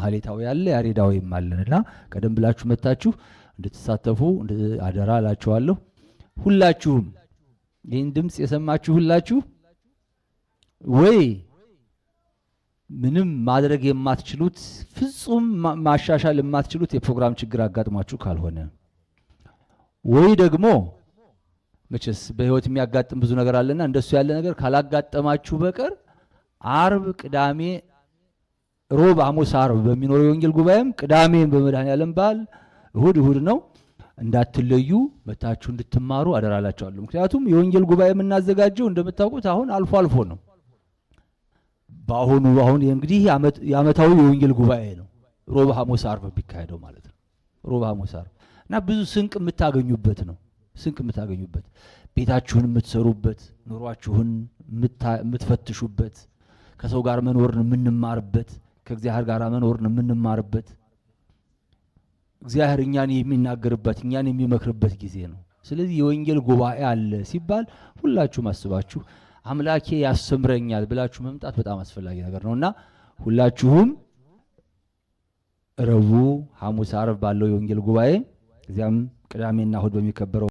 ማህሌታዊ አለ ያሬዳዊም አለን እና ቀደም ብላችሁ መታችሁ እንድትሳተፉ አደራ እላችኋለሁ። ሁላችሁም ይህን ድምፅ የሰማችሁ ሁላችሁ ወይ ምንም ማድረግ የማትችሉት ፍጹም ማሻሻል የማትችሉት የፕሮግራም ችግር አጋጥሟችሁ ካልሆነ ወይ ደግሞ መቼስ በህይወት የሚያጋጥም ብዙ ነገር አለና እንደሱ ያለ ነገር ካላጋጠማችሁ በቀር አርብ፣ ቅዳሜ ሮብ፣ ሐሙስ፣ ዓርብ በሚኖረው የወንጌል ጉባኤም ቅዳሜን በመድኃኔዓለም በዓል እሁድ እሁድ ነው እንዳትለዩ መታችሁ እንድትማሩ አደራላቸዋለሁ። ምክንያቱም የወንጌል ጉባኤ የምናዘጋጀው እንደምታውቁት አሁን አልፎ አልፎ ነው። በአሁኑ አሁን እንግዲህ የዓመታዊ የወንጌል ጉባኤ ነው ሮብ፣ ሐሙስ፣ ዓርብ የሚካሄደው ማለት ነው። ሮብ፣ ሐሙስ፣ ዓርብ እና ብዙ ስንቅ የምታገኙበት ነው። ስንቅ የምታገኙበት ቤታችሁን የምትሰሩበት፣ ኑሯችሁን የምትፈትሹበት፣ ከሰው ጋር መኖርን የምንማርበት ከእግዚአብሔር ጋር መኖርን የምንማርበት እግዚአብሔር እኛን የሚናገርበት እኛን የሚመክርበት ጊዜ ነው። ስለዚህ የወንጌል ጉባኤ አለ ሲባል ሁላችሁም አስባችሁ አምላኬ ያስተምረኛል ብላችሁ መምጣት በጣም አስፈላጊ ነገር ነው እና ሁላችሁም ረቡዕ፣ ሐሙስ፣ አርብ ባለው የወንጌል ጉባኤ እዚያም ቅዳሜና እሁድ በሚከበረው